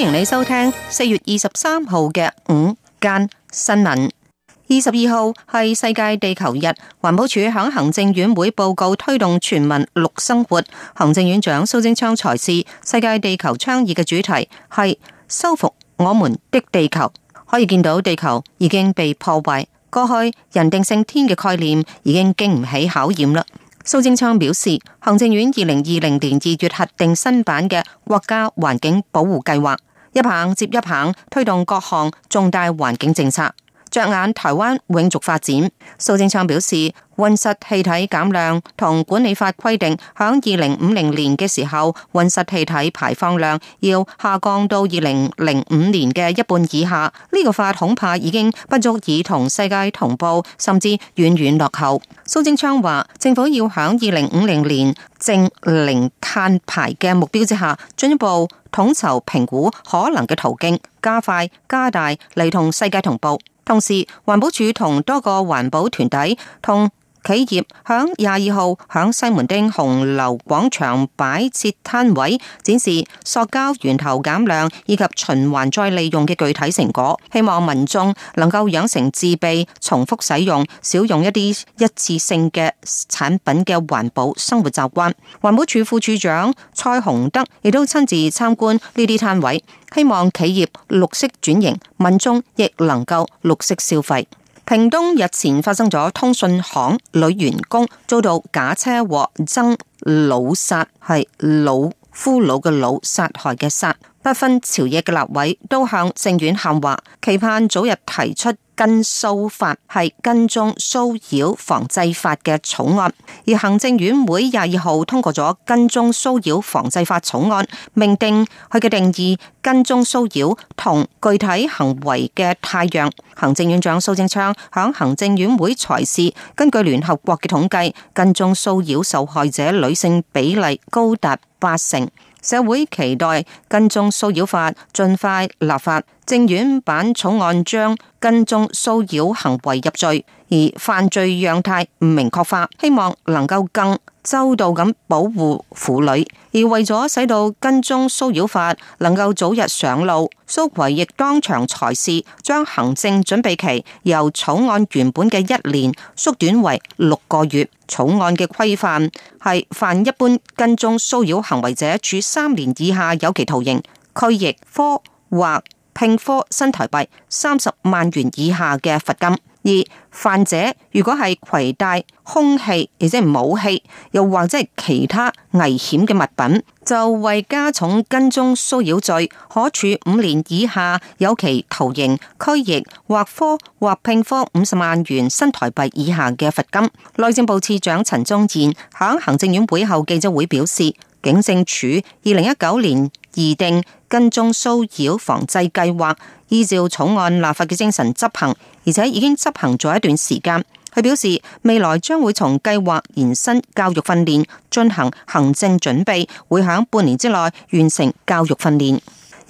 歡迎你收聽四月二十三號嘅午間新聞。二十二號係世界地球日，環保署響行政院會報告推動全民綠生活。行政院長蘇貞昌才是世界地球倡議嘅主題係修復我們的地球。可以見到地球已經被破壞，過去人定勝天嘅概念已經經唔起考驗啦。蘇貞昌表示，行政院二零二零年二月核定新版嘅國家環境保護計劃。一棒接一棒，推動各項重大環境政策。着眼台灣永續發展，蘇貞昌表示，溫室氣體減量同管理法規定，響二零五零年嘅時候，溫室氣體排放量要下降到二零零五年嘅一半以下。呢、這個法恐怕已經不足以同世界同步，甚至遠遠落後。蘇貞昌話：政府要響二零五零年淨零碳排嘅目標之下，進一步統籌評估可能嘅途徑，加快加大嚟同世界同步。同時環保署同多個環保團體同。企業響廿二號喺西門町紅樓廣場擺設攤位，展示塑膠源頭減量以及循環再利用嘅具體成果，希望民眾能夠養成自備、重複使用、少用一啲一次性嘅產品嘅環保生活習慣。環保署副，副署長蔡洪德亦都親自參觀呢啲攤位，希望企業綠色轉型，民眾亦能夠綠色消費。屏東日前發生咗通訊行女員工遭到假車禍，曾老殺係老夫老嘅老殺害嘅殺，不分朝野嘅立委都向政院喊話，期盼早日提出。跟騷法係跟蹤騷擾防制法嘅草案，而行政院會廿二號通過咗跟蹤騷擾防制法草案，明定佢嘅定義、跟蹤騷擾同具體行為嘅態樣。行政院長蘇貞昌響行政院會裁示，根據聯合國嘅統計，跟蹤騷擾受害者女性比例高達八成，社會期待跟蹤騷擾法盡快立法。政院版草案將跟蹤騷擾行為入罪，而犯罪樣態唔明確化，希望能夠更周到咁保護婦女。而為咗使到跟蹤騷擾法能夠早日上路，蘇揆亦當場裁示，將行政準備期由草案原本嘅一年縮短為六個月。草案嘅規範係犯一般跟蹤騷擾行為者，處三年以下有期徒刑、拘役、科或。併科新台幣三十萬元以下嘅罰金；二犯者如果係攜帶兇器，亦即係武器，又或者係其他危險嘅物品，就為加重跟蹤騷擾罪，可處五年以下有期徒刑、拘役或科或併科五十萬元新台幣以下嘅罰金。內政部次長陳宗彥響行政院會後記者會表示。警政署二零一九年擬定跟蹤騷擾防制計劃，依照草案立法嘅精神執行，而且已經執行咗一段時間。佢表示，未來將會從計劃延伸教育訓練，進行行政準備，會喺半年之內完成教育訓練。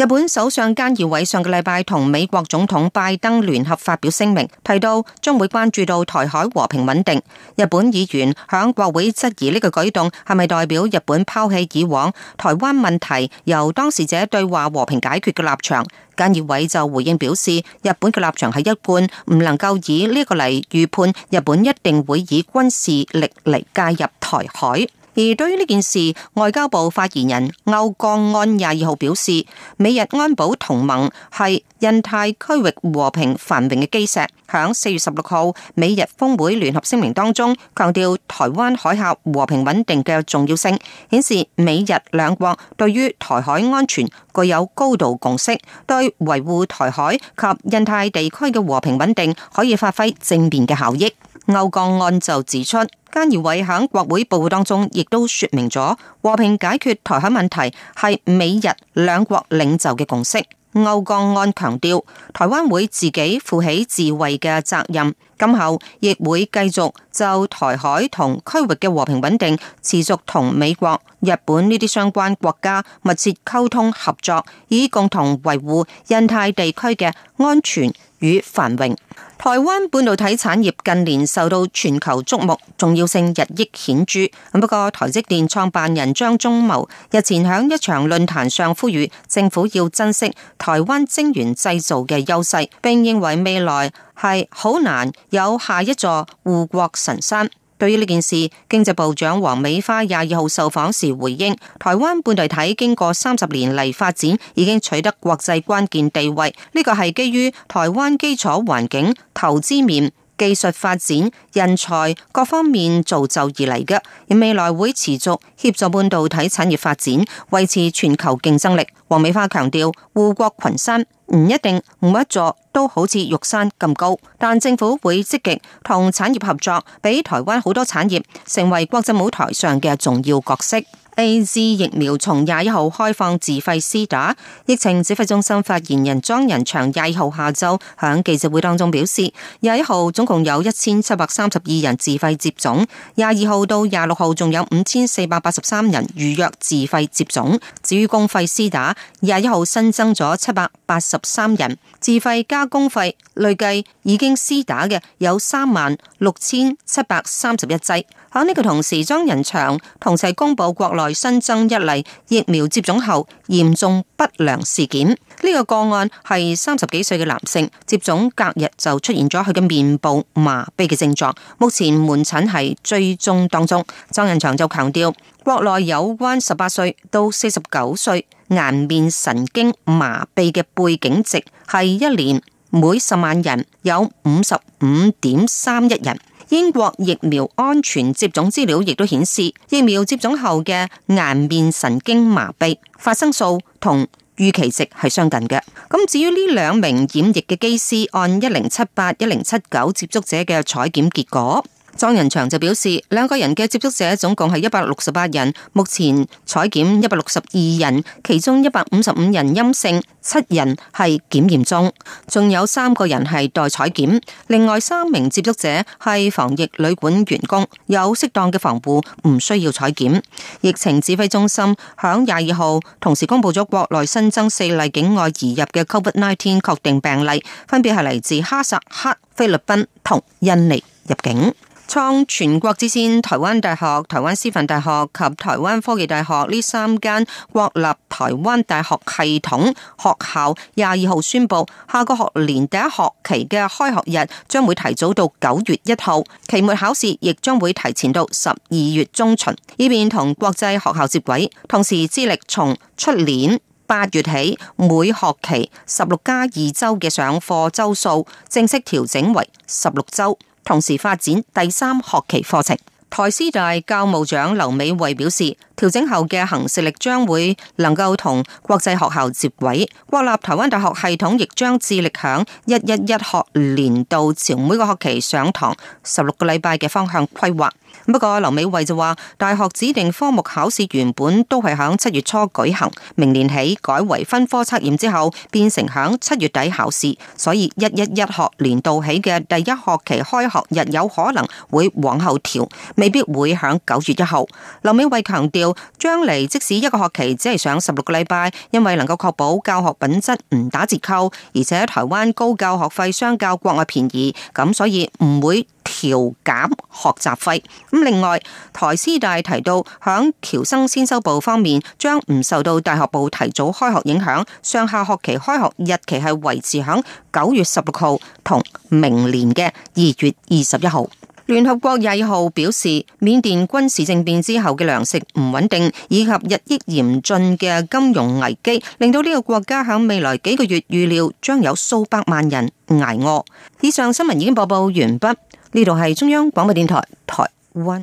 日本首相菅義偉上個禮拜同美國總統拜登聯合發表聲明，提到將會關注到台海和平穩定。日本議員響國會質疑呢個舉動係咪代表日本拋棄以往台灣問題由當事者對話和平解決嘅立場？菅義偉就回應表示，日本嘅立場係一貫唔能夠以呢個嚟預判日本一定會以軍事力嚟介入台海。而對於呢件事，外交部發言人歐江安廿二號表示，美日安保同盟係印太區域和平繁榮嘅基石。響四月十六號美日峰會聯合聲明當中，強調台灣海峽和平穩定嘅重要性，顯示美日兩國對於台海安全具有高度共識，對維護台海及印太地區嘅和平穩定可以發揮正面嘅效益。歐鋼案就指出，菅義偉喺國會報告當中亦都說明咗，和平解決台海問題係美日兩國領袖嘅共識。歐鋼案強調，台灣會自己負起自衛嘅責任，今後亦會繼續就台海同區域嘅和平穩定，持續同美國。日本呢啲相關國家密切溝通合作，以共同維護印太地區嘅安全與繁榮。台灣半導體產業近年受到全球矚目，重要性日益顯著。不過台積電創辦人張忠謀日前喺一場論壇上呼籲，政府要珍惜台灣晶圓製造嘅優勢，並認為未來係好難有下一座護國神山。對於呢件事，經濟部長王美花廿二號受訪時回應：台灣半導體經過三十年嚟發展，已經取得國際關鍵地位。呢個係基於台灣基礎環境、投資面、技術發展、人才各方面造就而嚟嘅，而未來會持續協助半導體產業發展，維持全球競爭力。王美花強調：護國群山唔一定唔一座，都好似玉山咁高，但政府會積極同產業合作，俾台灣好多產業成為國際舞台上嘅重要角色。AZ 疫苗從廿一號開放自費施打，疫情指揮中心發言人莊仁祥廿號下晝喺記者會當中表示，廿一號總共有一千七百三十二人自費接種，廿二號到廿六號仲有五千四百八十三人預約自費接種。至於公費施打，廿一號新增咗七百八十三人，自費加公費，累計已經施打嘅有三萬六千七百三十一劑。喺呢個同時，莊人祥同時公布國內新增一例疫苗接種後嚴重不良事件。呢、這個個案係三十幾歲嘅男性，接種隔日就出現咗佢嘅面部麻痹嘅症狀，目前門診係追蹤當中。莊人祥就強調，國內有關十八歲到四十九歲顏面神經麻痹嘅背景值係一年每十萬人有五十五點三一人。英國疫苗安全接種資料亦都顯示，疫苗接種後嘅顏面神經麻痹發生數同預期值係相近嘅。咁至於呢兩名染疫嘅機師，按一零七八、一零七九接觸者嘅採檢結果。莊仁祥就表示，兩個人嘅接觸者總共係一百六十八人，目前採檢一百六十二人，其中一百五十五人陰性，七人係檢驗中，仲有三個人係待採檢。另外三名接觸者係防疫旅館員工，有適當嘅防護，唔需要採檢。疫情指揮中心響廿二號同時公布咗國內新增四例境外移入嘅 COVID-19 確定病例，分別係嚟自哈薩克、菲律賓同印尼入境。創全國之先，台灣大學、台灣師範大學及台灣科技大學呢三間國立台灣大學系統學校廿二號宣布，下個學年第一學期嘅開學日將會提早到九月一號，期末考試亦將會提前到十二月中旬，以便同國際學校接軌。同時，致力從出年八月起，每學期十六加二周嘅上課周數正式調整為十六周。同時發展第三學期課程。台師大教務長劉美慧表示，調整後嘅行事曆將會能夠同國際學校接軌。國立台灣大學系統亦將致力響一一一學年度朝每個學期上堂十六個禮拜嘅方向規劃。不過劉美慧就話，大學指定科目考試原本都係響七月初舉行，明年起改為分科測驗之後，變成響七月底考試，所以一一一學年度起嘅第一學期開學日有可能會往後調。未必會喺九月一號，劉美慧強調，將嚟即使一個學期只係上十六個禮拜，因為能夠確保教學品質唔打折扣，而且台灣高教學費相較國外便宜，咁所以唔會調減學雜費。咁另外，台師大提到，響僑生先修部方面，將唔受到大學部提早開學影響，上下學期開學日期係維持響九月十六號同明年嘅二月二十一號。聯合國廿二號表示，緬甸軍事政變之後嘅糧食唔穩定，以及日益嚴峻嘅金融危機，令到呢個國家喺未來幾個月預料將有數百萬人挨餓。以上新聞已經播報完畢，呢度係中央廣播電台台灣。